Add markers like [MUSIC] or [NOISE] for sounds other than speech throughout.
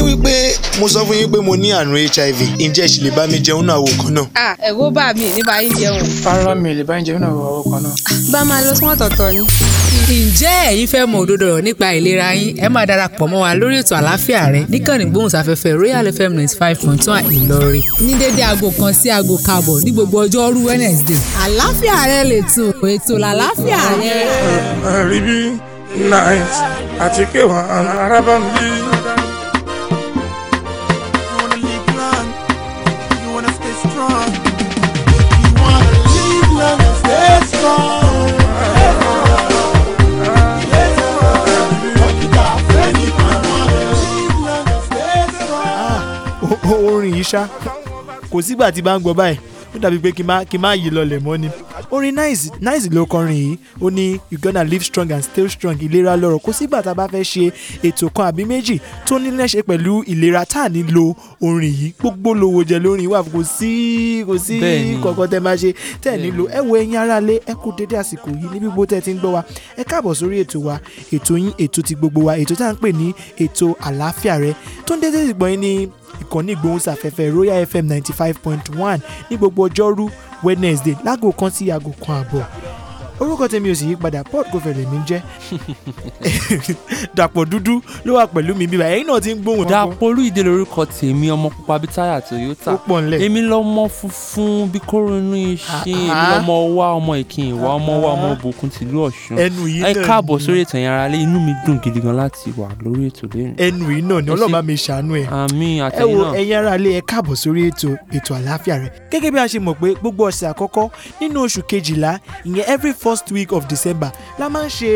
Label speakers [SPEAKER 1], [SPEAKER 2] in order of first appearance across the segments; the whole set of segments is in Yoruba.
[SPEAKER 1] ní wípé mo sọ fún yín pé mo ní àrùn hiv ǹjẹ́ ẹ sì lè bá mi jẹun náà àwọ̀ kan náà. a ẹ̀rọ bá mi ní bá yín jẹun. fara mi lè bá yín jẹun náà àwọ̀ kan náà. bá a máa lọ sún
[SPEAKER 2] ọ̀tọ̀ọ̀tọ̀ ni.
[SPEAKER 3] ǹjẹ́ ẹ̀yin fẹ́ mọ òdodo ọ̀rọ̀ nípa ìlera yín ẹ máa darapọ̀ mọ́ wa lórí ètò àlàáfíà rẹ níkànnì gbóhùnsáfẹ́fẹ́ Royal FM ninety five point one Ìlọrin ní dédé aago kan sí aago káàbọ̀ ní gbogbo ọjọ́rú Wednesday àlàáfíà rẹ lè tó
[SPEAKER 1] ṣá kò sígbà tí bá ń gbọ́ báyìí ó dàbí pé kí n má yí lọlẹ̀ mọ́ ni. orin nice nice ló kọrin yìí ó ní you gonna live strong and stay strong ìlera lọ́rọ̀ kò sígbà tá a bá fẹ́ ṣe ètò kan àbí méjì tó ní lẹ́sẹ̀ pẹ̀lú ìlera tá à ní lo orin yìí gbogbo lówó jẹ lórin wà kò sí kò sí kọ̀ọ̀kan tẹ́ máa ṣe tẹ́ ẹ̀ nílò ẹ wo ẹ̀yin ara lé ẹ kú dédé àsìkò yìí níbi gbogbo tẹ́ ẹ ti ń gbọ́ wa ẹ káàbọ̀ sórí ètò wa ètò yín ètò ti gbogbo wa ètò tá à ń pè ní ètò àlàáfíà rẹ tó ń dédé ìgbọ̀n yín ní ìkànnì ìgbóhùnsáfẹ́fẹ́ Royal FM ninety five point one ní gbogbo ọjọ́rú Wednesday láago kan sí aago kan àbọ̀ orúkọ tèmi ò sì yí padà Paul Govẹ lèmi ń [LAUGHS] dàpọ̀ dúdú ló wà pẹ̀lú mi bíbá
[SPEAKER 4] ẹ̀yin náà ti ń gbóhùn. dàpọ̀ olúìdè lórúkọ tèmi ọmọ pupa bíi táyà Toyota èmi lọ́mọ funfun bí kóró inú èmi ah, ah. lọ́mọ wá ọmọ ìkín ìwà ọmọ wá ọmọ òbòkun tìlú Ọ̀ṣun ẹnu yìí náà ẹ káàbọ̀ sórí ètò yẹn aráalé inú mi dùn gidi gan láti wà lórí ètò lẹ́nu. ẹnu
[SPEAKER 1] yìí náà ni ọlọ́ba mi ṣàánú ẹ̀. àmín àtẹ̀yìn náà ẹ wo ẹ̀yin aráalé ẹ káàbọ̀ a ṣe first week of December la máa ń ṣe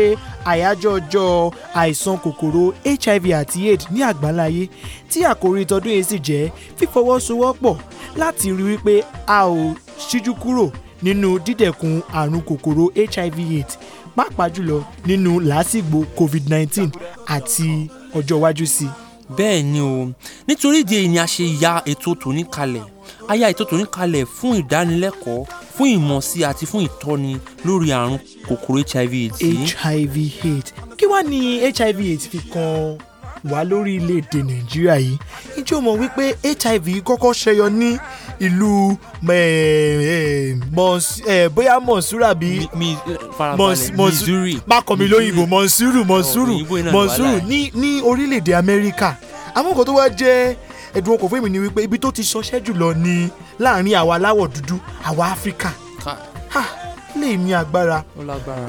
[SPEAKER 1] àyájọ́ ọjọ́ àìsàn kòkòrò HIV àti AIDS ní àgbáláyé tí àkòrí tọdún yìí sì jẹ́ fífọwọ́sowọ́pọ̀ láti rí wípé a ò ṣíjú kúrò nínú dídẹ̀kun àrùn kòkòrò HIV AIDS pàápàá jùlọ nínú làásìgbò COVID-19 àti ọjọ́ iwájú sí i.
[SPEAKER 4] bẹ́ẹ̀ ni o nítorí ìdí èyí ni a ṣe ya ètò tòní kalẹ̀ aya ìtótó ń kalẹ̀ fún ìdánilẹ́kọ̀ọ́ fún ìmọ̀sí àti fún ìtọ́ni lórí àrùn kòkòrò hiv aids yìí.
[SPEAKER 1] hiv aids kí wàá ní hiv aids fi kan wá lórí ilẹ̀-èdè nàìjíríà yìí ǹjẹ́ mọ̀ wípé hiv kọ́kọ́ ṣẹyọ ní ìlú bóyá mọ̀nsúrà bí mọ̀nsúrì mákọ̀ mi lóyìnbó mọ̀nsúrù mọ̀nsúrù oh, mọ̀nsúrù ní orílẹ̀-èdè amẹ́ríkà àwọn kan tó wá jẹ́ ẹ̀dùn ọkọ̀ fún mi ni wípé ibi tó ti ṣọṣẹ́ jùlọ ni láàrin àwa aláwọ̀ dúdú àwa áfíríkà lè ní agbára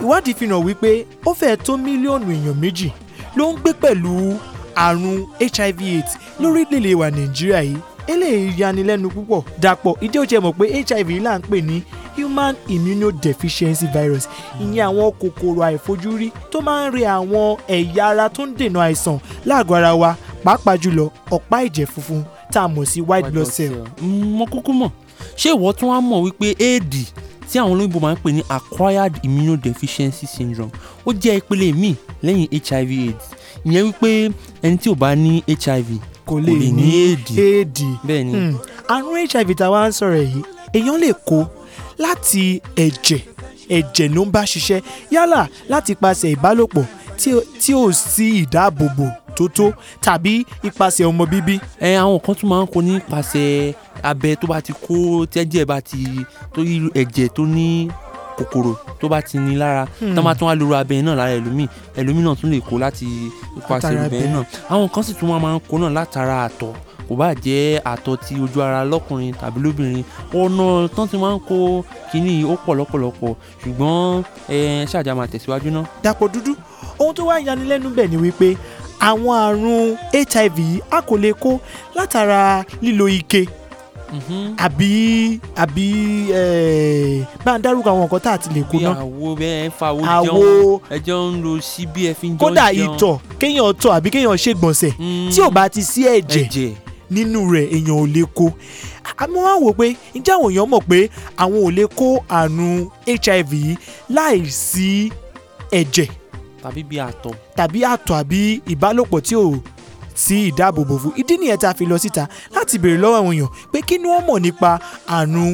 [SPEAKER 1] ìwádìí fi hàn wípé ó fẹ́ẹ̀ tó mílíọ̀nù èèyàn méjì ló ń gbé pẹ̀lú àrùn hiv aids lórílẹ̀‐èdè wa nàìjíríà yìí eléyìí yanilẹ́nu púpọ̀ dàpọ̀ ìdí òjẹ́ mọ̀ pé hiv là ń pè ní human immunodeficiency virus ìyẹn àwọn kòkòrò àìfojúrí tó máa ń re àwọn ẹ̀yà ara tó ń dènà àìsàn láàgọ́ ara wa pàápàá jùlọ ọ̀pá ẹ̀jẹ̀ funfun tá a mọ̀ sí white blood cell. Mm, mo kúkú mọ̀
[SPEAKER 4] ṣé ìwọ tún wá mọ̀ wípé éèdì tí àwọn olóyìnbó máa ń pè ní acquired immunodeficiency syndrome ó jẹ́ ìpele míì lẹ́yìn hiv aids ìyẹn wípé ẹni tí ò bá ní
[SPEAKER 1] hiv kò lè ní éèdì bẹ́ẹ̀ ni. Hmm. àrùn hiv tá a wá ń sọ̀rọ̀ yìí èèyàn lè kó láti ẹ̀jẹ̀ ẹ̀jẹ̀ ló ń bá ṣiṣẹ́ yálà láti pasẹ̀ ìbálòpọ̀ tí ò sí ìdáàbòbò tó tó tàbí ipasẹ̀ ọmọ bíbí. ẹ àwọn kan tún máa ń kó nípasẹ̀ abẹ tó bá ti kó
[SPEAKER 4] tẹ́jẹ̀ bá ti tó irú ẹ̀jẹ̀ tó ní kòkòrò tó bá ti ní lára hmm. tó máa tún wá lóru abẹ náà lára ẹlòmíì ẹlòmíì náà tún lè kó láti ipasẹ̀ abẹ náà àwọn kan sì tún máa ń kó náà látara àtọ̀ kò bá jẹ́ àtọ̀ ti ojú ara lọ́kùnrin tàbí lóbìnrin ọ̀nà tán ti máa ń kó kínní ó pọ̀ lọ́pọ̀lọpọ̀ ṣùgbọ́n ẹ ṣáàjà máa
[SPEAKER 1] tẹ̀síwájú ná. Dàpọ̀ Dúdú ohun tó wá yanilẹ́nu bẹ̀ ni wípé àwọn àrùn HIV a kò lè kó látara lílo ike mhm. àbí àbí eh, bá ń dárúkọ àwọn nǹkan tá a ti lè kó náà.
[SPEAKER 4] àwo bẹ́ẹ̀ fa owó jẹun ẹjọ́ ń lo síbí ẹ fi ń jọ jẹun. kódà ìtọ̀
[SPEAKER 1] kéèyàn tọ̀ àbí kéèyàn ṣègbọ̀nsẹ̀ mhm. tí ò bá ti sí ẹ̀jẹ̀ nínú rẹ̀ èèyàn ò lè kó àmọ́ wọ́n á wò pé ǹjẹ́ àwọn èèyàn mọ̀ pé àwọn ò lè kó àrùn HIV yìí láì sí ẹ̀jẹ̀
[SPEAKER 4] tàbí bí àtọ̀.
[SPEAKER 1] tàbí àtọ̀ àbí ìbálòpọ̀ tí ò sí ìdáàbòbò fún ìdí nìyẹn tá a fi lọ síta láti béèrè lọ́wọ́ àwọn èèyàn pé kí ni wọ́n mọ̀ nípa àrùn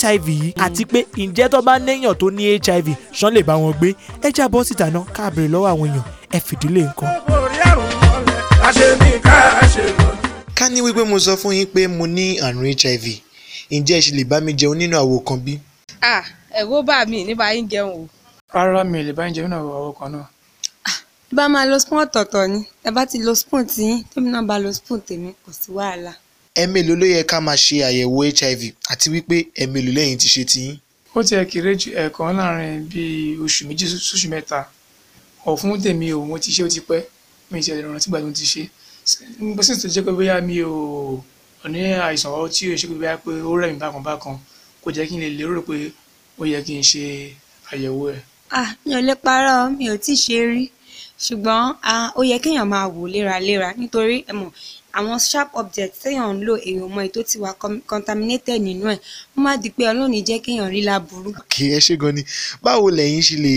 [SPEAKER 1] HIV yìí àti pé ǹjẹ́ tó bá néèyàn tó ní HIV ṣán lè bá wọn gbé ẹ já bọ́ síta náà ká béèrè lọ́wọ́ àwọn èèyàn ẹ fìdílé nǹkan. ká ní wípé mo sọ fún yín pé mo ní àrùn HIV ǹjẹ́ ẹ ṣe lè bá mi jẹun nínú àwo kan bí.
[SPEAKER 3] ẹ̀rọ bá mi ní bá yín jẹun o. rárá mi ò lè bá yín
[SPEAKER 1] jẹun nínú àwo kan náà
[SPEAKER 4] bá máa lo spoon ọ̀tọ̀ọ̀tọ̀ ni tẹ bá ti lo spoon tiyín tómi náà bá lo spoon tèmi kò sí wàhálà.
[SPEAKER 1] ẹ̀mélòó ló yẹ ká máa ṣe àyẹ̀wò hiv àti wípé ẹ̀mélòó lẹ́yìn ti ṣe tiyín. ó ti ẹ̀ kéré ju ẹ̀ẹ̀kan láàrin bíi oṣù méjì sóṣù mẹ́ta ọ̀fun tèmi ò mo ti ṣe ó ti pẹ́ mi ìṣẹ̀lẹ̀ ìrànlọ́ tí gbàdúrà ti ṣe nígbà tí tó jẹ́ pé bóyá mi ò ní àìsàn ọ̀rọ̀ tí ò ṣe pé bóyá pé ó rẹ̀ bákan bákan kò jẹ́ kí n lè lérò pé ó yẹ kí n ṣe àyẹ̀wò ẹ̀. ah mi ò lè
[SPEAKER 4] parọ́ mi ò tíì ṣe rí ṣùgbọ́n ó yẹ kéèyàn máa wò léraléra nítorí ẹ mọ̀ àwọn sharp objects téèyàn ń lò èèyàn mọ ètò tí contaminated nínú ẹ̀ ó má di pé ọlọ́ọ̀ni jẹ́ kéèyàn rí láburú.
[SPEAKER 1] kì í ẹ ṣe gan ni báwo lẹ́yìn ṣe lè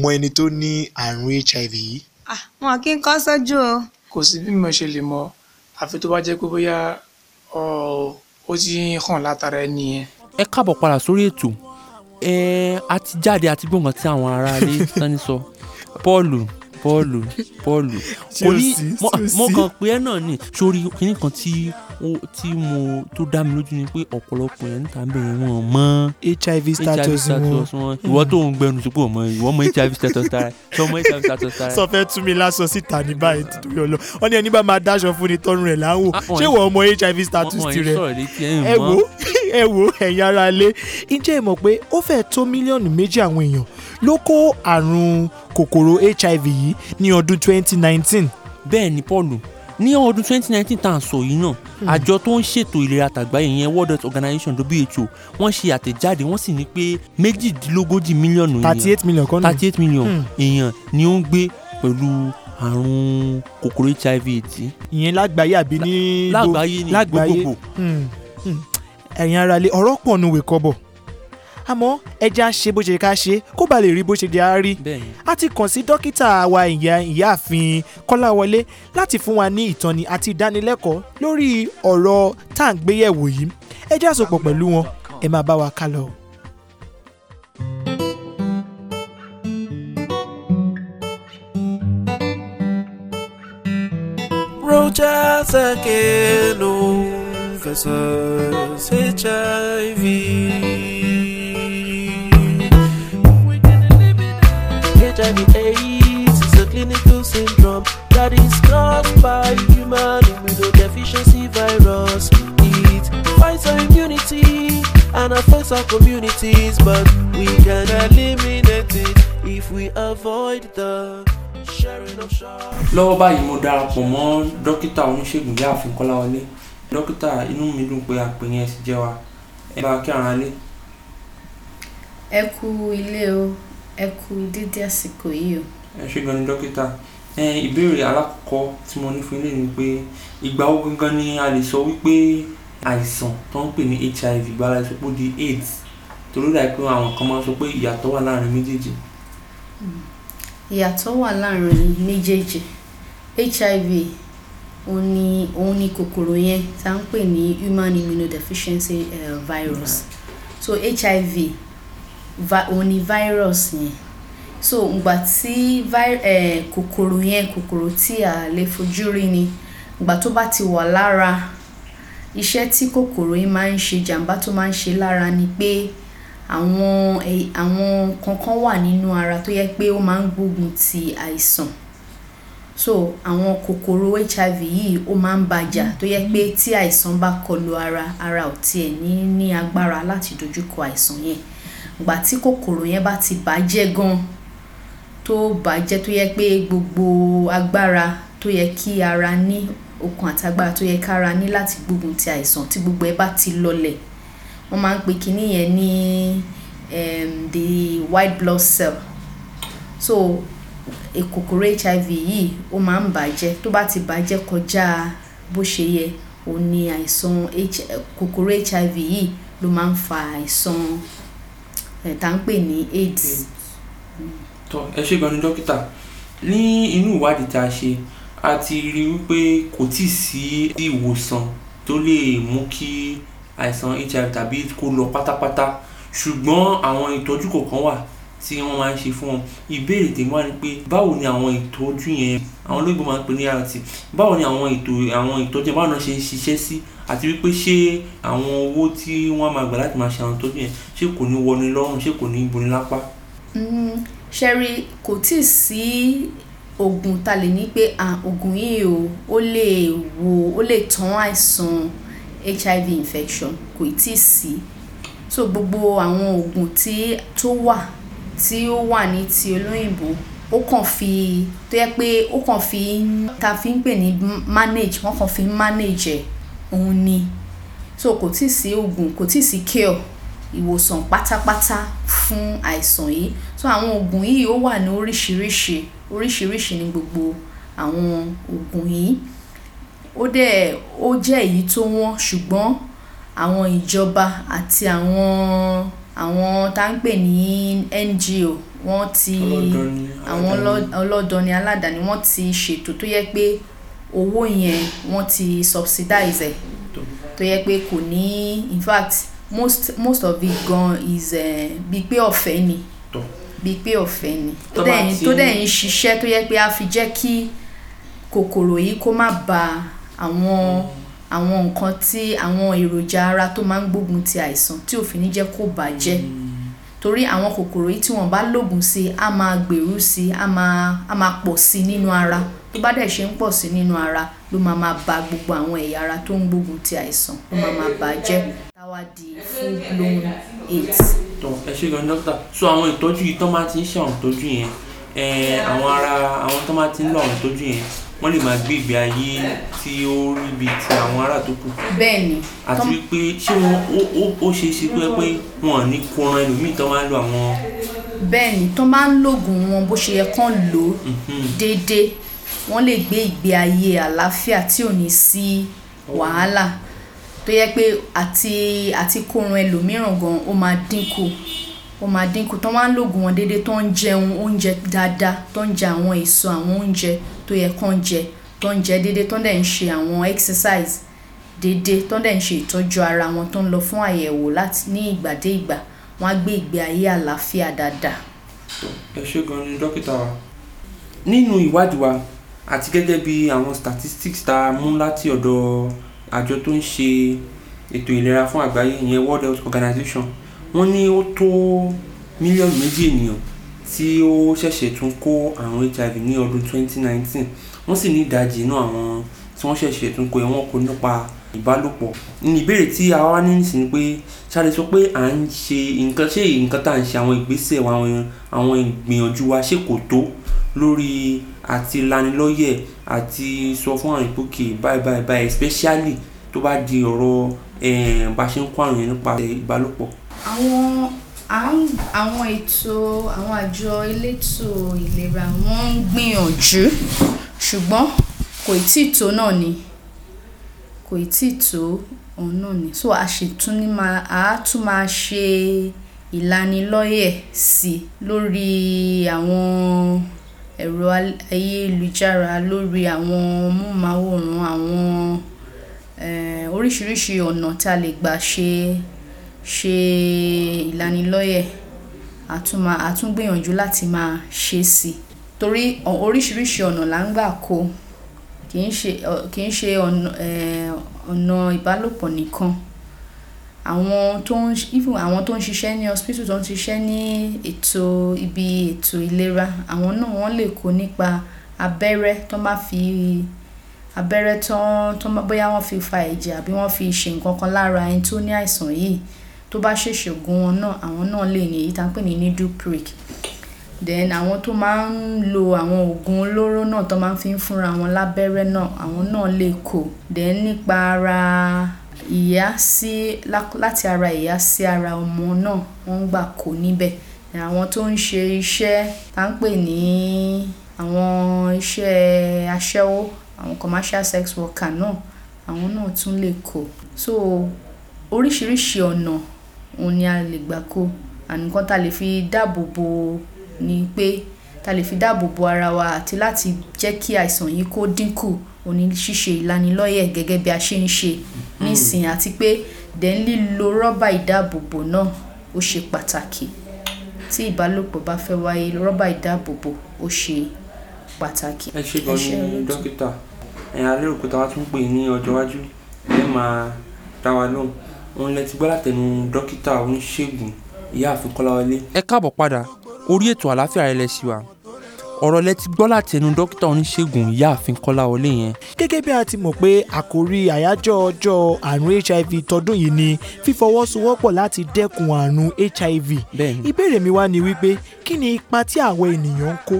[SPEAKER 1] mọ ẹni tó ní àrùn HIV yìí. wọn kì í kọ́ sójú o. kò sí bí mo ṣe lè mọ àfi tó bá jẹ́ pé bóyá ó ti hàn látara ẹni yẹn.
[SPEAKER 4] ẹ káàbọ̀ padà sórí ètò ẹ a jáde àti gbọ̀ngàn tí àwọn aráalé tán ní sọ Paul Paul Paul kò ní mo kàn pé ẹ náà ni sórí kìnnì kan tí tí mo tó dá mi lójú ni pé ọ̀pọ̀lọpọ̀ yẹn níta bẹ̀rẹ̀ wọn mọ HIV status wọn ìwọ tó ń gbẹnu sípò mọ ìwọ mọ HIV status tara sọ mọ HIV status tara. sọ
[SPEAKER 1] fẹ́ tún mi lásọ síta ní báyìí tó yọ lọ wọn ní ẹni bá máa dáṣọ fún ni tọrùn rẹ̀ láwò ah, ṣé wọ́n mọ HIV status tirẹ̀ ẹ wo [LAUGHS] ẹ wo ẹ̀yin ara lé ǹjẹ́ ẹ mọ̀ pé ó fẹ́ tó mílíọ̀nù méjì àwọn èèyàn ló kó àrùn kòkòrò HIV yìí ní ọdún 2019. bẹ́ẹ̀ ni Paul ní ọdún
[SPEAKER 4] 2019 tá à ń sọ yìí náà hmm. àjọ tó ń ṣètò ìlera tàgbáyé yẹn World Health Organization WHO wọ́n ṣe àtẹ̀jáde wọ́n sì ní pé méjìdínlógójì mílíọ̀nù èèyàn 38 million kọ́nù 38 million hmm. èèyàn ni ó ń gbé pẹ̀lú àrùn kòkòrò HIV ètí.
[SPEAKER 1] ìyẹn lágbàáyé àbí ní lágbàáyé ní gbogbogbò. Hmm. ẹ̀yin aráalé ọ̀rọ̀ pọ̀ nu wèkọ́ bọ̀ àmọ́ ẹja ṣe bó ṣe ká ṣe kó ba lè rí bó ṣe jẹ́ á a ti kàn sí dókítà wa ìyá ìyáàfin kọ́láwọlé láti fún wa ní ìtọ́ni àti ìdánilẹ́kọ̀ọ́ lórí ọ̀rọ̀ tá à ń gbéyẹ̀wò yìí ẹja sopọ̀ pẹ̀lú wọn ẹ máa bá wa ká lọ. Roger Sakeno versus HIV. many is a clinical syndrome that is caused by human immunodeficiency virus. It fights our immunity and affects our communities, but we can eliminate it if we avoid the
[SPEAKER 4] lọ́wọ́ báyìí mo darapọ̀ mọ́ dókítà oníṣègùn ìyá ààfin kọ́láwọlé dókítà inú mi dùn pé àpè yẹn ti jẹ́ wa ẹ bá kí ara lé.
[SPEAKER 3] ẹ kú ilé o ẹ kú dédé àsìkò yìí o.
[SPEAKER 4] ẹ ṣé gan ni dókítà ìbéèrè alákọ̀ọ́kọ́ tí mo ní fún ilé ni pé ìgbà wo gangan ni a lè sọ wípé àìsàn tó ń pè ní HIV gbára ìsopó di AIDS torí dà pé àwọn kan máa ń sọ pé ìyàtọ̀ wà láàrin méjèèjì.
[SPEAKER 3] ìyàtọ̀ wà láàrin méjèèjì HIV òun ni òun ni kòkòrò yẹn tá à ń pè ní human immunodeficiency uh, virus right. so HIV òun ni virus yẹn so ìgbà tí eh, kòkòrò yẹn kòkòrò tí a lè fojú rí ni ìgbà tó bá ti wà lára iṣẹ́ tí kòkòrò yìí máa ń ṣe jàǹbá tó máa ń ṣe lára ni pé àwọn àwọn kankan wà nínú ara tó yẹ pé ó máa ń gbógun ti àìsàn so àwọn kòkòrò hiv yìí ó máa ń bàjà tó yẹ pé tí àìsàn bá kọlu ara ara ò tiẹ̀ ní ní agbára láti dojúkọ àìsàn yẹn ìgbà tí kòkòrò yẹn bá ti bàjẹ́ gan tó bàjẹ́ tó yẹ pé gbogbo agbára tó yẹ kí ara ní okun àtagbára tó yẹ kára ní láti gbógun ti àìsàn tí gbogbo ẹ bá ti lọlẹ̀ wọ́n máa ń pe kinní yẹn ní um, the white blood cell so kòkòrò hiv yìí ó máa ń bàjẹ́ tó bá ti bàjẹ́ kọjá bó ṣe yẹ òun ni àìsàn kòkòrò hiv yìí ló máa ń fa àìsàn tá ń pè ní aids.
[SPEAKER 4] tọ ẹ ṣe gan ni dókítà ní inú ìwádìí tá a ṣe a ti rí wípé kò tí ì sí ìwòsàn tó lè mú kí àìsàn hiv tàbí kó lọ pátápátá ṣùgbọ́n àwọn ìtọ́jú kọ̀ọ̀kan wà tí wọ́n máa ń ṣe fún wọn ìbéèrè tèmi wá ni pé báwo ni àwọn ìtọ́jú yẹn àwọn olóògbé máa ń pè ní rt báwo ni àwọn ìtọ́jú yẹn báwo ni wọ́n ṣe ń ṣiṣẹ́ sí àti wípé ṣé àwọn owó tí wọ́n máa gbà láti máa ṣe àwọn tọ́jú yẹn ṣé kò ní wọni lọ́rùn ṣé kò ní buni lápá.
[SPEAKER 3] Hmm, ṣẹ́rí kò tíì sí oògùn ta lè ní pé oògùn yìí o ó lè wo ó lè tán àìsàn hiv infection kò tíì sí so gbogbo àwọn oògùn tí tó wà tí ó wà ní ti olóyìnbó ó kàn fi tó yẹ pé ó kàn fi ta fi ń pè ní manage wọ́n kàn fi ń manage ẹ̀ òun ni so kò tíì sí oògùn kò tíì sí cure ìwòsàn pátápátá fún àìsàn yìí so àwọn oògùn yìí ó wà ní oríṣiríṣi oríṣiríṣi ní gbogbo àwọn oògùn yìí ó dẹ̀ ó jẹ́ èyí tó wọ́n ṣùgbọ́n àwọn ìjọba àti àwọn àwọn tá ń pè ní NGO wọ́n ti àwọn ọlọ́dọni aládàáni wọ́n ti ṣètò tó yẹ pé owó yẹn wọ́n ti subsidize ẹ̀ tó yẹ pé kò ní in fact most most of it gan is eh, bíi pé ọ̀fẹ́ ni bíi pé ọ̀fẹ́ ni tó dẹ̀ ń ṣiṣẹ́ tó yẹ pé a fi jẹ́ kí kòkòrò yìí kó má ba àwọn hmm. àwọn nǹkan tí àwọn èròjà ara tó máa ń gbógun ti àìsàn tí òfin ní jẹ́ kó bàjẹ́ hmm. torí àwọn kòkòrò yìí tí wọ́n bá lògùn sí a máa gbèrú sí a máa pọ̀ sí nínú ara bá dẹ̀ ṣe ń pọ̀ sí nínú ara ló máa máa ba gbogbo àwọn ẹ̀yà ara tó ń gbógun ti àìsàn ló máa máa bà jẹ́ táwa di full blown AIDS.
[SPEAKER 4] tó ẹ ṣe gan dókítà so àwọn ìtọ́jú yìí tó máa ti ń ṣe àwọn ìtọ́jú yẹn àwọn ara àwọn tó máa ti ń lo àwọn ìtọ́jú yẹn wọ́n lè máa gbé ìgbé ayé tí ó rí bíi ti àwọn ará tó kù.
[SPEAKER 3] bẹ́ẹ̀ni. àti wípé
[SPEAKER 4] ṣé wọn ó ṣe é ṣe pé pé wọn ò ní kóran ẹlòmíì tó máa ń lo àwọn.
[SPEAKER 3] bẹ́ẹ̀ni tó máa ń lògùn wọn bó ṣe yẹ kán lò ó mhm. déédéé wọ́n lè gbé ìgbé ayé àlàáfíà tí ò ní sí wàhálà tó yẹ pé àti àti kórun ẹlòmíràn gan ó máa dínkù ó máa dínkù tó máa ń lògùn wọn déédéé tó ń jẹun oúnjẹ dáadáa tó ń jẹ àwọn èso àwọn oúnjẹ tó yẹ kán jẹ tó ń jẹ déédéé tó dẹ̀ ń ṣe àwọn exercise déédéé tó ń dẹ̀ ń ṣe ìtọ́jú ara wọn tó ń lọ fún àyẹ̀wò láti ní ìgbà dé ìgbà wọn á gbé ìgbé ayé àlàáfíà dáadáa.
[SPEAKER 4] ẹ ṣé gan ni dókítà wa nínú ìwádìí wa àti gẹ́gẹ́ bí àwọn statistics tá a mú láti ọ̀dọ̀ àjọ tó ń ṣe ètò ìlera fún àgbáyé ìyẹn World Health Organization wọ́n ní ó tó mílíọ̀nù méjì ènìyàn tí ó ṣẹ̀ṣẹ̀ tún kó àrùn HIV ní ọdún 2019 wọ́n sì ní ìdajì náà àwọn tí wọ́n ṣẹ̀ṣẹ̀ tún kó ẹ̀ kó nípa ìbálòpọ̀ ní ìbéèrè tí a wá ní nísìnyí pé ṣáde sọ pé à ń ṣe nǹkan ṣé nǹkan tá à ń ṣe àwọn ìgbésẹ̀ àwọn ìgbìyànjú wa ṣe kò tó lórí àti lanilọ́yẹ̀ àti sọ fún àwọn pé okay báyìí báyìí báyìí especially tó bá di ọ̀rọ̀ eh, bá ṣe ń kó àrùn yẹn nípa ìbálòpọ̀.
[SPEAKER 3] àwọn àwọn ètò àwọn àjọ elétò ìlera wọ́n ń gbìyànjú ṣùgbọ́n kò tí ì tó náà ni kò tí ì tó òun náà ni so a sì tún ní máa a tún máa ṣe ìlanilọ́yẹ̀ sí lórí àwọn ẹ̀rọ ayélujára lórí àwọn móhùnmáwòrán àwọn eh, oríṣiríṣi ọ̀nà tí a lè gbà ṣe, ṣe ìlanilọ́yẹ̀. A tún máa, a tún gbìyànjú láti máa ṣe sí i torí oríṣiríṣi ọ̀nà là ń gbà kó. Kì í ṣe, kì í ṣe ọ̀nà eh, ìbálòpọ̀ nìkan àwọn tó ń even àwọn tó ń ṣiṣẹ́ ní hospital tó ń ṣiṣẹ́ ní ètò ibi ètò ìlera àwọn náà wọ́n lè kó nípa abẹ́rẹ́ tó bá fi abẹ́rẹ́ tó ń bóyá wọ́n fi fa ẹ̀jẹ̀ àbí wọ́n fi ṣe nǹkan kan lára ẹni tó ní àìsàn yìí tó bá ṣèṣe ògùn wọn náà àwọn náà lè ní èyí tá a pè ní needle prick then àwọn tó máa ń lo àwọn oògùn olóró náà tó máa ń fi ń fúnra wọn lábẹ́rẹ́ náà àwọn náà lè kó then nípa ara ìhàsí láti ara ìhàsí ara ọmọ náà wọ́n gbà kó níbẹ̀. Àwọn tó ń ṣe iṣẹ́ tá ń pè ní àwọn iṣẹ́ aṣẹ́wó, àwọn commercial sex worker náà, àwọn náà tún lè kó. So oríṣiríṣi ọ̀nà òun ni a lè gbà kó. And nǹkan ta lè fi dáàbò bo ni pé ta lè fi dáàbò bo ara wa àti láti jẹ́ kí àìsàn yìí kó dínkù òní ṣíṣe ìlanilọ́yẹ̀ gẹ́gẹ́ bí a ṣe ń ṣe hmm. nísìnyí àti pé dẹ̀ lílo rọ́bà ìdáàbòbò náà ó ṣe pàtàkì tí ìbálòpọ̀ bá fẹ́ wáyé rọ́bà ìdáàbòbò ó ṣe pàtàkì. ẹ ṣe gan ni dókítà
[SPEAKER 4] ẹ̀yin alẹ́ òkúta wa tún pè ní ọjọ́ iwájú ẹ máa dá wa lóhùn òun lẹ ti gbọ́ látẹnu dókítà oníṣègùn ìyáàfin kọ́láwọlé. ẹ káàbọ̀ padà orí ètò àlàáfíà rẹ lẹ ṣì wà ọ̀rọ̀ lẹ ti gbọ́ láti ẹnu dókítà oníṣègùn ìyáàfin kọ́láwọlé yẹn.
[SPEAKER 1] gẹ́gẹ́ bí a ti mọ̀ pé àkòrí àyájọ́ ọjọ́ àrùn hiv tọdún yìí ni fífọwọ́sowọ́pọ̀ láti dẹ́kun àrùn hiv. bẹ́ẹ̀ni ìbéèrè mi wá ni wípé kí ni ipa tí àwọn ènìyàn ń kó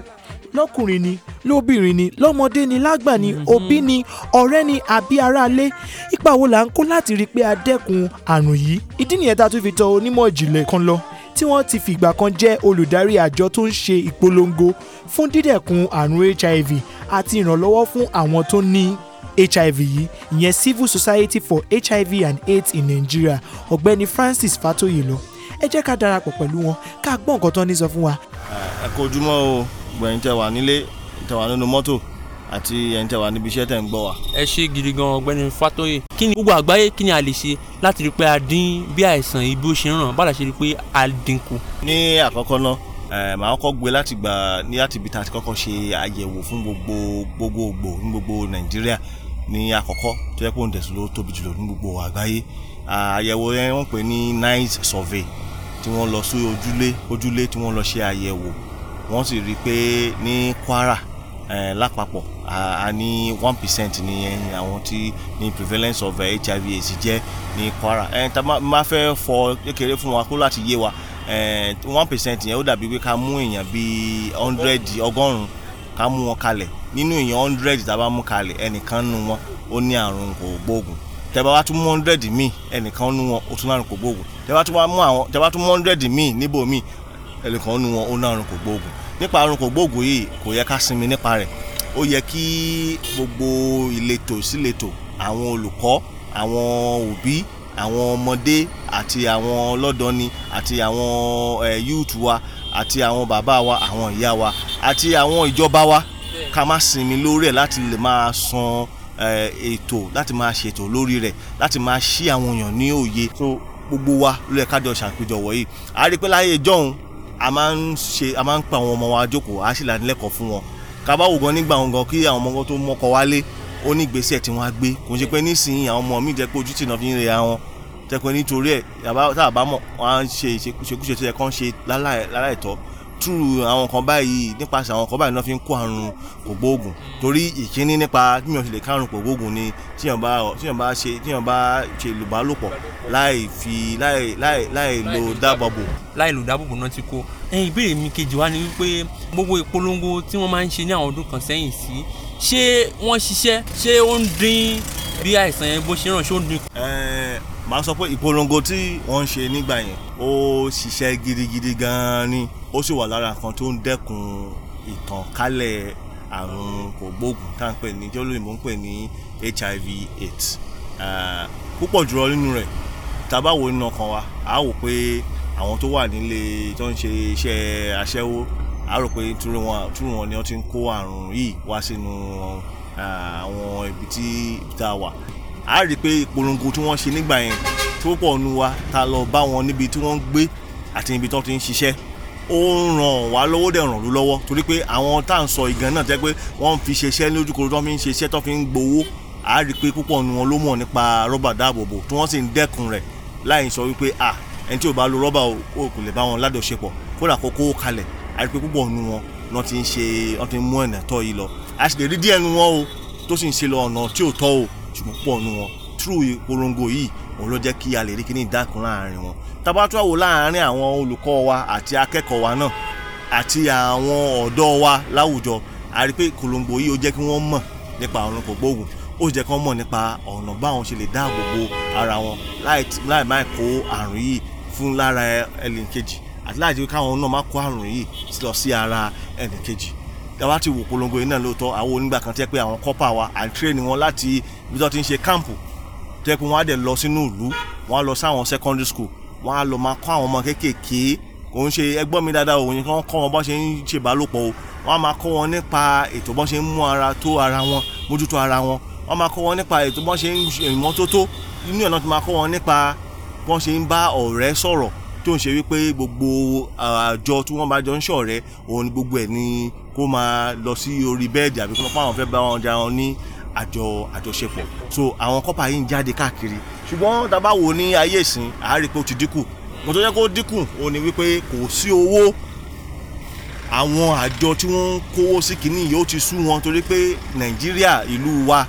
[SPEAKER 1] lọ́kùnrin ni lóbìnrin ni lọ́mọdé ni lágbà ni mhm. òbí ni ọ̀rẹ́ ni àbí aráalé ipa wo là ń kó láti rí i pé a dẹ́kun àrùn yìí ìdí nìyẹn tá a tún fi tọ̀ onímọ̀ ìjìnlẹ̀ kan lọ tí wọ́n ti fìgbà kan jẹ́ olùdarí àjọ tó ń ṣe ìpolongo fún dídẹ̀kun àrùn HIV àti ìrànlọ́wọ́ fún àwọn tó ní HIV yìí ìyẹn Civil Society for HIV and AIDS in Nigeria ọ̀gbẹ́ni Francis Fatoyi lọ ẹ jẹ́ ká darapọ̀ pẹ̀lú wọn ká gbọ́ nǹkan tó ní sọ fún wa.
[SPEAKER 2] ẹ kojúmọ́ o gbẹ̀yìn tẹ wà nílé tẹ wà nínú mọ́tò àti ẹ̀yin tẹ́ wà níbi iṣẹ́ tẹ́ ń gbọ́ wa. ẹ ṣe gidi gan
[SPEAKER 4] ọ̀gbẹ́ni Fatoye
[SPEAKER 2] kí ni gbogbo àgbáyé kí ni a lè ṣe láti rí pé a dín bí àìsàn ibi ó ṣe ń ràn bára ṣe rí pé a dínkù. ní àkọ́kọ́ náà màá kọ́kọ́ gbé láti gbà ní láti ibi tá a ti kọ́kọ́ ṣe àyẹ̀wò fún gbogbo gbogbogbò ní gbogbo Nàìjíríà ní àkọ́kọ́ tó yẹ pé òun tẹ̀sán ló tóbi jùlọ ní gbogbo àgbáyé àyẹ̀wò yẹn wọ́n pè ní night survey tí wọ́n lọ sí ojúlé ojúlé tí wọ́n lọ ṣe àyẹ̀wò wọ́n sì rí i pé ní Kwara Eh, lápapọ̀ a ní one percent ní àwọn tí ní prevalence of HIV eh, AIDS jẹ́ ní Kwara eh, tá a máa fẹ́ fọ kékeré fún wa kó láti yé wa one percent yẹn ó dàbí pé ká mú èèyàn bíi hundred ọgọ́rùn-ún ká mú wọn kalẹ̀ nínú èèyàn hundred tá a bá mú kalẹ̀ ẹnìkan nù wọn ó ní àrùn kò tẹ́bá wá tún mú hundred míì ẹnìkan nú wọn ó tún lárùn kò gbóògùn tẹ́bá tún mú hundred míì níbò míì ẹnìkan nú wọn ó lárùn kò gbóògùn nípa àrùn kògbóògùn yìí kò yẹ ká sinmi nípa rẹ̀ ó yẹ kí gbogbo ìletò síletò àwọn olùkọ́ àwọn òbí àwọn ọmọdé àti àwọn ọlọ́dọ́ni àti àwọn youth wa àti àwọn bàbá wa àwọn ìyá wa àti àwọn ìjọba wa ká má sinmi lórí ẹ̀ láti lè máa san ètò láti máa ṣètò lórí rẹ̀ láti máa ṣí àwọn èèyàn ní òye so gbogbo wa ló yẹ ká jọ ṣàpèjọ wọ̀nyí a pé láyé ìjọ́un a máa ń ṣe a máa ń pa àwọn ọmọ wa jókòó a sì là ń lẹ́kọ̀ọ́ fún wọn kaba wò gan nígbà wọn gan kí àwọn ọmọ tó mọ́kọ wálé ó ní ìgbésẹ̀ tí wọ́n á gbé kò ń ṣe pé nísìnyí àwọn ọmọ mi jẹ́ pé ojú tìǹà fi ń re àwọn tẹ́pẹ́ nítorí ẹ̀ tá a bá mọ̀ wọ́n á ṣe ìṣekúṣe tó yẹ kán ṣe láláìtọ́ through àwọn nǹkan báyìí nípasẹ̀ àwọn nǹkan báyìí náà fi ń kó àrùn kògbóògùn torí ìkíní nípa tíyàn ṣe lè kárùn kògbóògùn ni tíyàn bá tíyàn bá ṣe tíyàn bá ṣe lùbálòpọ̀ láì fi láì láì láì lo dábàbò.
[SPEAKER 4] láì lo dábàbò náà ti kó ìbéèrè mi kejì wá ni wípé gbogbo ìpolongo tí wọ́n máa ń ṣe ní àwọn ọdún kan sẹ́yìn sí ṣé wọ́n ṣiṣẹ́ ṣé ó ń dín
[SPEAKER 2] bí àìsàn yẹn bó ṣe ràn ṣé ń dín. ẹẹ màá sọ pé ìpolongo tí wọ́n ń ṣe nígbà yẹn ó ṣiṣẹ́ gidigidi gan-an ni ó sì wà lára kan tó ń dẹ́kun ìtànkálẹ̀ àrùn kògbóògùn tá à ń pè ní tí olóyìnbó ń pè ní HIV AIDS ah, púpọ̀ jùlọ nínú rẹ̀ tábà wo nínú ọkàn wa a wò pé àwọn tó wà nílé tó ń ṣe iṣẹ́ aṣẹ́wó a rò pé túrú wọn ni wọ́n ti ń kó àrùn yìí wá sínú ah, àwọn ibi tí tá a wà a rí i pé ìpolongo tí wọ́n ṣe nígbà yẹn tó pọ̀ nu wa ta lọ bá wọn níbi tí wọ́n ń gbé àti níbi tí wọ́n ti ń ṣiṣẹ́ ó ràn wá lọ́wọ́ dẹ̀ ràn ló lọ́wọ́ torí pé àwọn tá à ń sọ ìgan náà jẹ́ pé wọ́n fi ṣeṣẹ́ lójúkòrò tó fi ń ṣeṣẹ́ tó fi ń gbowó a rí i pé púpọ̀ nu wọn ló mọ̀ nípa rọ́bà dáàbòbò tí wọ́n sì ń dẹ́kun rẹ̀ láì sọ wípé à ẹni tí ò bá lo rọ́bà ò kò lè bá wọn ládọ̀ṣepọ̀ kódà kó kó kalẹ̀ a rí i pé púpọ̀ nu wọn náà ti ń ṣe wọ́n ti ń mú ẹ̀nà tọ́ yìí lọ a rí díẹ̀ nu wọn o tó sì ń ṣe lọ ọ̀nà tí ò tọ́ o ṣùgbọ́n pọ̀ nù wọn true ìpolongo yìí òun ló jẹ́ kí a lè rí kíní ìdákun láàrin wọn tabatúwà wo láàrin àwọn olùkọ́ wa àti akẹ́kọ̀ọ́ wa náà àti àwọn ọ̀dọ́ wa láwùjọ a rí pé ìpolongo yìí ó jẹ́ kí wọ́n mọ̀ nípa ọ̀run kògbóògùn ó jẹ́ kí wọ́n mọ̀ nípa ọ̀nà báwọn ṣe lè dáàbò bo ara wọn láì má kó àrùn yìí fún lára ẹnìkejì àti láì jẹ́ káwọn náà má kó àrùn yìí lọ sí ara ẹnìkejì dáwà ti wò polongo yìí náà lóòótọ́ àwọn onígbà kan tẹ́ pé àwọn kọ́pà wa à ń tírèèni wọn láti ibi tó ti ń ṣe káàmpù tẹ́ pé wọ́n á dẹ̀ lọ sínú ìlú wọ́n á lọ sáwọn secondary school wọ́n á lọ máa kọ́ àwọn ọmọ kéékèèké kò ń ṣe ẹgbọ́n mi dáadáa òun kan kọ́ wọn bọ́n ṣe ń ṣe ìbálòpọ̀ o wọ́n á máa kọ́ wọn nípa ètò bọ́n ṣe ń mú ara tó ara wọn mójútó ara wọn wọ́n máa kọ́ wọn nípa ètò bọ́n ṣe ń ìmọ́tótó inú ẹ̀ náà ti máa kọ́ wọn nípa bọ́n ṣe ń bá ọ̀rẹ́ sọ̀rọ̀ tó ń ṣe wípé gbogbo àjọ tí wọ́n bá jọ ń ṣọ̀rẹ́ òun ni gbogbo ẹ̀ ni kó máa lọ sí orí bẹ́ẹ̀dì àbí kó máa pàwọn fẹ́ bá wọn jà wọn ní àjọ àjọṣepọ̀ so àwọn kọ́pà yìí ń jáde káàkiri ṣùgbọ́n tá a bá wò ní ayé ìsìn a rí pé ó ti dínkù mo tó jẹ́ kó dínkù òun ni wípé kò sí owó àwọn àjọ tí wọ́n ń kówó sí kínní yìí ó ti sú wọn torí pé Nàìjíríà ìlú wa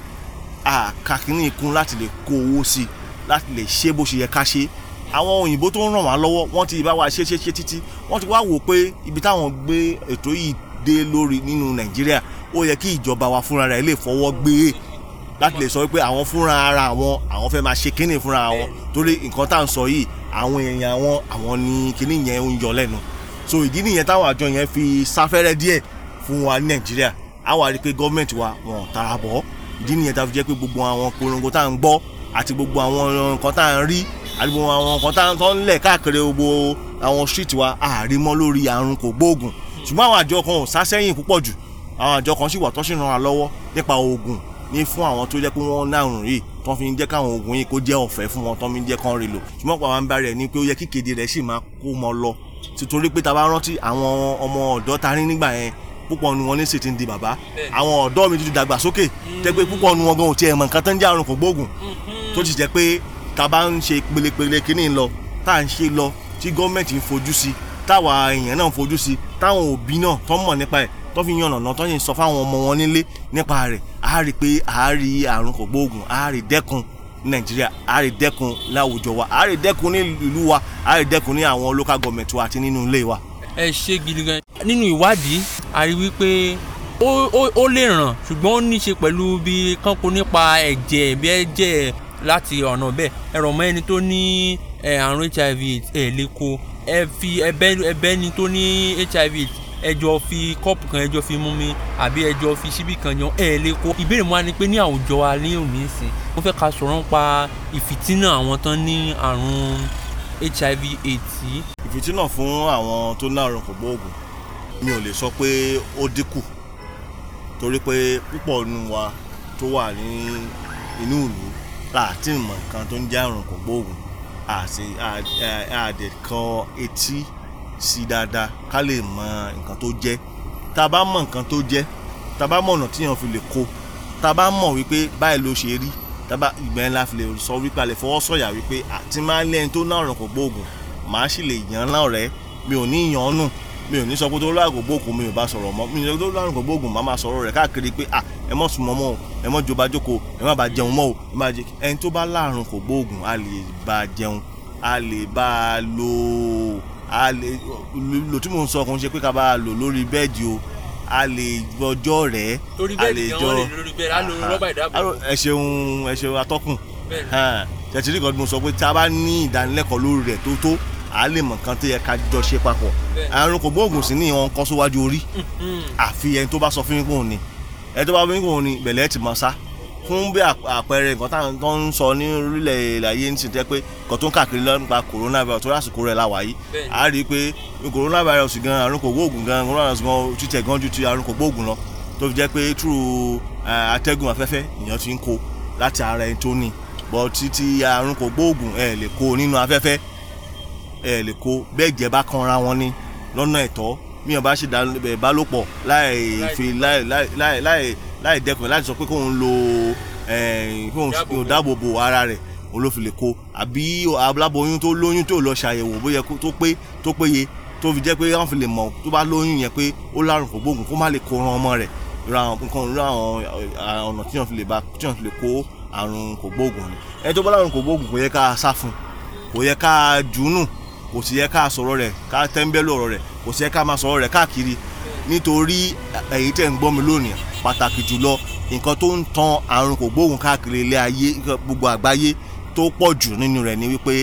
[SPEAKER 2] àkàkínní ikun láti lè kó owó sí láti lè ṣe bó ṣe yẹ ká ṣe àwọn òyìnbó tó ń ràn wá lọ́wọ́ wọ́n ti bá wa ṣe ṣe ṣe títí wọ́n ti wá wò pé ibi táwọn gbé ètò yìí dé lórí nínú nàìjíríà ó yẹ kí ìjọba wa fúnra rẹ̀ lè fọwọ́ gbé e láti lè sọ pé àwọn fúnra ara àwọn àwọn fẹ́ máa ṣe kínní fúnra àwọn torí nǹkan tá à ń sọ yìí àwọn èèyàn àwọn àwọn ní kínní yẹn ń yọ lẹ́nu so ìdí nìyẹn táwọn àjọ yẹn fi sáfẹ́rẹ́ díẹ̀ fún wa ní nàìjíríà á wà rí pé gọ́ọ̀mẹ̀ntì wa wọn tara bọ̀ ìdí nìyẹn tá a fi jẹ́ pé gbogbo àwọn polongo tá à ń gbọ́ àti gbogbo àwọn nǹkan tá à ń rí àríwọ àwọn kan tá à ń tọ́ ń lẹ̀ káàkiri gbogbo àwọn street wa àrímọ́ lórí àrùn kò gbóògùn ṣùgbọ́n àwọn àjọ kan ò sá sẹ́yìn púpọ̀ jù àwọn àjọ kan sì wà tó sì ràn án lọ́wọ́ nípa oògùn ní fún àwọn tó jẹ́ pé wọ́n náàrùn yìí tó fi ń jẹ́ káwọn oògùn yìí kó jẹ́ ọ̀fẹ́ fún wọn tó fi ń jẹ́ kán rí lò ṣùgbọ́n pàwọn bá rẹ̀ ni pé ó yẹ kíkéde rẹ̀ sì máa kó mọ lọ títorí pé ta bá rántí àwọn ọmọ ọ̀dọ́ ta rí nígbà yẹn púpọ̀ nu wọn ní sì ti ń di bàbá àwọn ọ̀dọ́ mi ti dàgbà sókè tẹ́ pé púpọ̀ nu wọn gan ò tiẹ̀ mọ̀ nǹkan tó ń jẹ́ àrùn kò gbóògùn mm-hmm. tó ti jẹ́ pé tá a bá ń ṣe pelepele kínní lọ tá à ń ṣe lọ tí gọ́ọ̀mẹ̀ntì ń fojú sí táwa èèyàn náà ń fojú sí táwọn òbí náà tó mọ̀ nípa ẹ̀ tó fi yànnà náà tó yẹn sọ fáwọn ọmọ wọn nílé nípa rẹ̀ á rí pé á rí àrùn kògbóògùn á rí dẹ́kun nàìjíríà á rí dẹ́kun láwùjọ wa á rí dẹ́kun ní ìlú wa á rí dẹ́kun ní àwọn local government wa àti nínú ilé wa.
[SPEAKER 4] ẹ ṣe gidi gan nínú ìwádìí a rí wípé ó lè ràn ṣùgbọ́n ó ní í ṣe pẹ̀lú bí kánko nípa ẹ̀jẹ̀ bí ẹ̀jẹ̀ láti ọ̀nà bẹ́ẹ̀ ẹ rọ̀ mọ́ ẹni tó ní àrùn HIV ẹ lè kó ẹ fi ẹbẹ́ ẹbẹ́ ẹni tó ní HIV ẹ jọ fi kọ́ọ̀pù kan ẹ jọ fi mú mi àbí ẹ jọ fi síbí kan yan ẹ lè kó. ìbéèrè mu wa ni pé ní àwùjọ wa ní òní ìsìn mo fẹ́ ka sọ̀rọ̀ nípa ìfìtínà àwọn tán ní àrùn HIV AIDS.
[SPEAKER 2] ìfìtínà fún àwọn tó ní àrùn kògbóògùn mi ò lè sọ pé ó dínkù torí pé púpọ̀ nù wa tó wà ní inú ìlú àti mọ̀ nǹkan tó ń jẹ́ àrùn kògbóògùn àdẹ̀kọ etí sí dáadáa ká lè mọ nǹkan tó jẹ́ tá a bá mọ nǹkan tó jẹ́ tá a bá mọ ọ̀nà tíyàn fi lè kó tá a bá mọ̀ wípé báyìí ló ṣe rí tá a bá ìgbà ńlá fi lè sọ wípé a lè fọwọ́ sọ̀yà wípé àti máa lé ẹni tó ná àrùn kògbóògùn màá sì lè yàn án lọ́rẹ̀ẹ́ mi ò ní yàn án nù mi ò ní sọ pé tó lọ́ àgògbóògùn mi ò bá sọ̀rọ̀ mọ́ mi ò ní sọ pé tó lọ́ àrùn kògbóògùn màá máa sọ̀rọ̀ rẹ̀ káàkiri pé ah ẹ mọ̀ sùn mọ́mọ́ o ẹ mọ̀ jọba jókòó ẹ má ba jẹun mọ́ o ẹ má jẹ ẹni tó bá láàrùn kò gbóògùn a lè bá jẹun a lè bá a lò a lè lò tí mò ń sọ kò ń ṣe pé ká bá a lò lórí bẹ́ẹ̀dì o a lè jọjọ́ rẹ̀ a lè jọ ẹ ṣeun ẹ ṣeun atọ́kùn tẹ̀sílì kan tó sọ pé tá a bá ní ìdánilẹ́kọ̀ọ́ lórí rẹ̀ tó tó a lè mọ̀ kan tó yẹ ká jọ ṣe papọ̀ àrùn kò gbóògùn sí ní ìwọ̀n kan síwájú orí hmm, hmm. àfi ẹni tó bá sọ fún yín pé ni ẹ tó bá wí kò ní ìbẹ̀lẹ̀ ti mọ̀ sá fún bí àpẹẹrẹ nǹkan táwọn tó ń sọ ní orílẹ̀ èdè ń sìn tẹ́ pé nǹkan tó ń káàkiri nípa coronavirus tó lásìkò rẹ̀ la wà yìí a rí i pé coronavirus gan àrùn kò gbóògùn gan coronavirus gan títẹ̀ gan ju ti àrùn kò gbóògùn lọ tó fi jẹ́ pé through atẹ́gùn afẹ́fẹ́ èèyàn ti ń kó láti ara ẹni tó ní bọ́ títí àrùn kò gbóògùn ẹ̀ lè kó nínú afẹ́fẹ́ ẹ̀ lè kó bẹ́ẹ̀ jẹ́ bá kanra wọn ní lọ́nà ẹ̀tọ́ mi ò bá ṣe ìbálòpọ̀ láì fi láì láì láì láì dẹ́kun láti sọ pé kóun lo eh, kóun dáàbò bo ara rẹ̀ òun ló fi lè kó àbí aláboyún tó lóyún tó lọ ṣàyẹ̀wò bóyá tó pé tó péye tó fi jẹ́ pé wọ́n fi lè mọ̀ tó bá lóyún yẹn pé ó lárùn kògbóògùn kó má lè kó ran ọmọ rẹ̀ ra nǹkan ra eh, ọ̀nà tí wọ́n fi lè ba tí wọ́n fi lè kó àrùn kògbóògùn ni ẹni tó bá lárùn kògbóògùn kò yẹ ká sá fún kò yẹ ká jùúnù kò sì yẹ ká sọ̀rọ̀ rẹ̀ ká tẹ́ńbẹ́lú ọ̀rọ̀ rẹ̀ kò sì yẹ ká máa sọ̀rọ̀ rẹ̀ káàkiri nítorí ẹ̀yin tẹ̀ ń gbọ́ mi lónìí pàtàkì jùlọ nǹkan tó ń tan àrùn kò gbóògùn káàkiri ilé ayé gbogbo àgbáyé tó pọ̀ jù nínú rẹ̀ ni wípé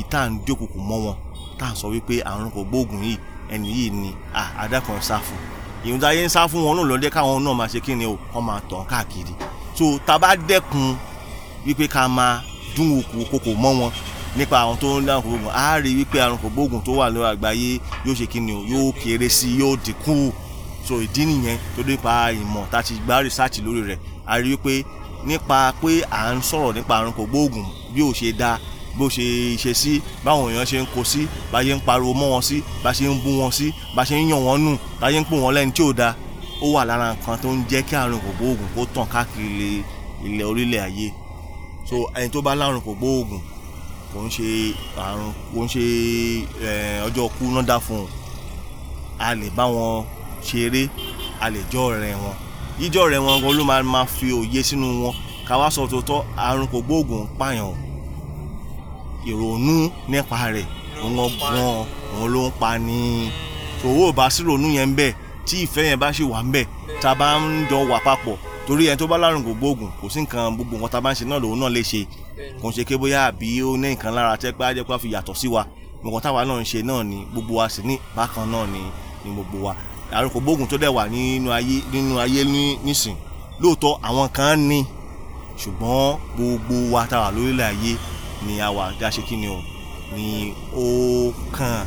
[SPEAKER 2] ìta ń dúkùkù mọ́ wọn tá à ń sọ wípé àrùn kò gbóògùn yìí ẹni yìí ni àdàkàn sá fún ìhun táyé ń sá fún wọn náà lọ́dẹ́ káwọn náà máa ṣe kí ni o wọ́n máa tàn káàkiri so tá a bá dẹ́kun wípé ká máa dún òkú kòkò mọ́ wọn nípa àwọn tó ń dá àrùn kògbóògùn á rí wípé àrùn kògbóògùn tó wà lórí àgbáyé yóò ṣe kíni o yóò kéré sí yóò dínkù so ìdí nìyẹn tó nípa ìmọ̀ tá a ti gba research lórí rẹ̀ a rí wípé nípa pé à ń sọ̀rọ̀ nípa àrùn kògbóògùn bí ó ṣe dáa bó ṣe ṣe sí báwọn èèyàn ṣe ń kó sí bá ṣe ń pariwo mọ́ wọn sí bá ṣe ń bú wọn sí bá ṣe ń yàn wọ́n nù bá ṣe ń pò wọ́n lẹ́ni tí ò da ó wà lára nǹkan tó ń jẹ́ kí àrùn kògbóògùn kó tàn káàkiri ilẹ̀ orílẹ̀ ayé so ẹni tó bá lárùn kògbóògùn kò ń ṣe àrùn kò ń ṣe ọjọ́ kú náà dá fún un a lè bá wọn ṣeré a lè jọ ọ̀rẹ́ wọn jíjọ ọ̀rẹ́ wọn gan ló máa ma fi òye sínú wọn ká wá sọ tòótọ́ àrùn kò gbóògùn pààyàn ìrònú nípa rẹ̀ òun ọgbọ́n òun ló ń pa ni owó ò yẹn ń bẹ tí ìfẹ́ yẹn bá ṣì wà ń bẹ tá a bá ń jọ wà papọ̀ torí ẹni tó bá lárùn gbogboògùn kò sí nǹkan gbogbo nǹkan tá a bá ń ṣe náà lòun náà lè ṣe kò ń ṣe pé bóyá àbí ó ní nǹkan lára tẹ́ pé á jẹ́ pé á fi yàtọ̀ sí wa nǹkan táwa náà ń ṣe náà ni gbogbo wa sì ní bákan náà ni ni gbogbo wa àrùn gbogboògùn tó dẹ̀ wà nínú ayé nínú ayé nísìn lóòótọ́ àwọn kan ní ṣùgbọ́n gbogbo wa táwa lórílẹ̀ ayé ni àwa já ṣe kí ni o ni ó kàn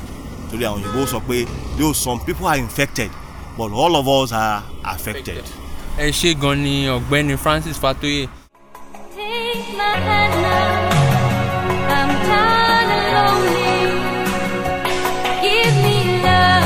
[SPEAKER 2] torí àwọn òyìnbó sọ pé though some people are infected but all of us are affected. affected.
[SPEAKER 4] ẹ ṣé gan ni ọ̀gbẹ́ni Francis Fatoye.
[SPEAKER 3] Take my hand now, I'm tired lonely, give me love.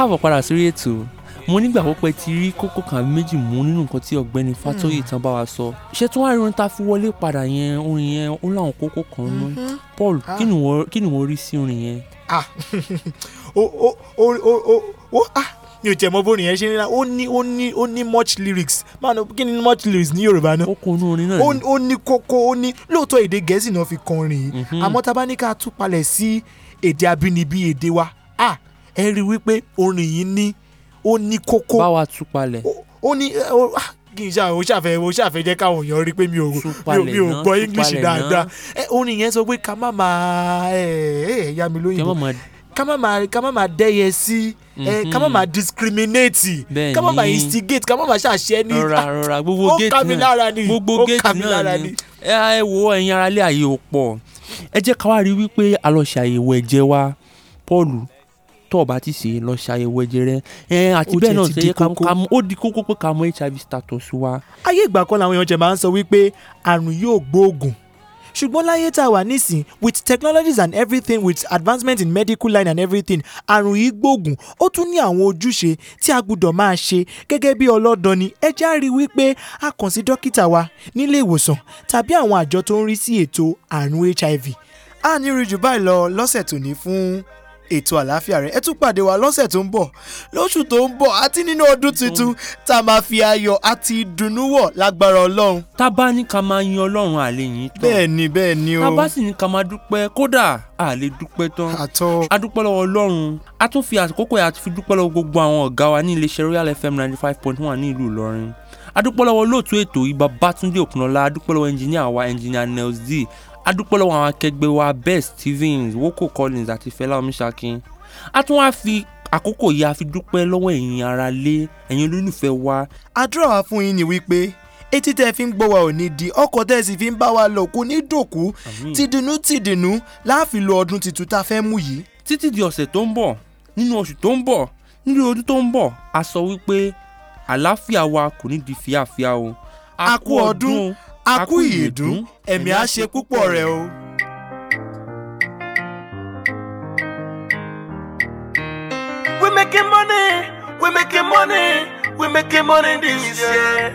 [SPEAKER 4] káàbọ̀ padà sórí ètò mo nígbà pípẹ́ ti rí kókó kan méjì mú nínú nǹkan tí ọ̀gbẹ́ni Fátóyè hmm. tán bá wa sọ ṣé tí wọ́n á rí orin tá a fi wọlé padà yẹn orin yẹn ó láwọn kókó kan nú mm-hmm. Paul ah. kí ni wọ́n rí sí orin yẹn.
[SPEAKER 1] ah [LAUGHS] o o o o o ah mi ò tẹ̀ mọ bórin yẹn ṣe ń ra ó ní ó ní ó ní much lyrics máa nọ kí ni much lyrics ní yorùbá náà. ó kó inú orin náà ni. ó ní kókó ó ní lóòótọ́ èdè gẹ̀ẹ́sì náà fi kọrin yìí mm-hmm. àmọ́ tá a bá ní ká tú palẹ̀ sí èdè abínibí èdè wa ah ẹ rí i wípé orin yìí ní ó ní kókó. báwa tú palẹ̀. ó ní ah, kì í ṣàfẹ́ ó ṣàfẹ́ ó ṣàfẹ́ jẹ́ káwọn èèyàn rí i pé mi ò mi ò gbọ́ english dáadáa ẹ orin yẹn sọ pé ká má máa ẹ ẹ yá mi lóyìnbó ká má máa ká má máa dẹ́yẹ sí mhm. ká má máa discriminate ká má máa instigate ká má máa ṣàṣẹ ní ah, ó kà mí lára ni ó kà mí lára ni.
[SPEAKER 4] ẹ wo ẹ̀yin aráalé àyè ò pọ̀ ẹ jẹ́ ká wá rí wípé a lọ ṣàyẹ̀wò ẹ̀jẹ̀ wa Paul tó o bá ti ṣe lọ ṣàyẹ̀wò ẹ̀jẹ̀ rẹ ẹn àti bẹ́ẹ̀ náà ṣe kàmú ó di kókó pé kàmú hiv status wa.
[SPEAKER 1] ayé ìgbà kan làwọn èèyàn jẹ máa ń sọ wípé àrùn yóò gbóògùn ṣùgbọ́n láyé tá a wà nísìn with technologies and everything with advancement in medical line and everything àrùn yìí gbóògùn ó tún ní àwọn ojúṣe tí a gbúdọ̀ máa ṣe gẹ́gẹ́ bí ọlọ́dàn ni ẹ já rí wípé a kàn sí dókítà wa nílé ìwòsàn tàbí àwọn àjọ tó ń rí sí ètò àrùn hiv a ní rí jù báyìí lọ lọ́sẹ̀ tòní fún ètò àlàáfíà rẹ ẹ tún pàdé wa lọ́sẹ̀ tó ń bọ̀ lóṣù tó ń bọ̀ àti nínú ọdún tuntun tá a máa fi ayọ̀ àti ìdùnnú wọ̀ lágbára ọlọ́run. tá a bá ní ká máa yin
[SPEAKER 4] ọlọ́run àlè yín tán. bẹ́ẹ̀ ni bẹ́ẹ̀ ni o. tá a bá sì ní ká máa dúpẹ́ kódà àlè dúpẹ́ tán. àtọ́. a lọ́wọ́ ọlọ́run a tún fi àkókò yà fi dúpẹ́ lọ́wọ́ gbogbo àwọn ọ̀gá wa ní iléeṣẹ́ Royal FM ninety five point one ní ìlú Ìlọrin a dúpẹ́ lọ́wọ́ olóòtú ètò Ìbà Bátúndé Òkúnlọ́lá a dúpẹ́ ẹnjìníà wa ẹnjìníà Nelson D adúpẹ́ lọ́wọ́ àwọn akẹgbẹ́ wa best stevens woko collins àti fela omiṣakin a tún wá fi àkókò yìí a fi dúpẹ́ lọ́wọ́ ẹ̀yin aráalé ẹ̀yin
[SPEAKER 1] olólùfẹ́ wa. àdúrà wa fún yín ni wípé etí tẹ́ fi ń gbọ́ wa ò ní di ọkọ̀ tẹ́ sì fi ń bá wa lọ kó ní dòkú tìdùnnú tìdùnnú láàfin lo ọdún tuntun tá a fẹ́ mú yìí. títí di ọ̀sẹ̀ tó ń bọ̀ nínú oṣù tó ń bọ̀ nínú ọdún tó ń bọ̀ a sọ wípé
[SPEAKER 4] àlàáfíà wa kò ní di fíàfíà o.
[SPEAKER 1] a kú ọdún a kú ìyèdún ẹ̀mí á ṣe púpọ̀ rẹ̀ o. we making money we making money we making money this year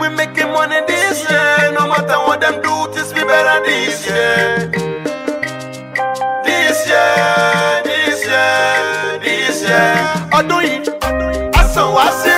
[SPEAKER 1] we making money this year no matter what dem do things be better this year this year this year this year ọdún yìí a san wá
[SPEAKER 2] sí.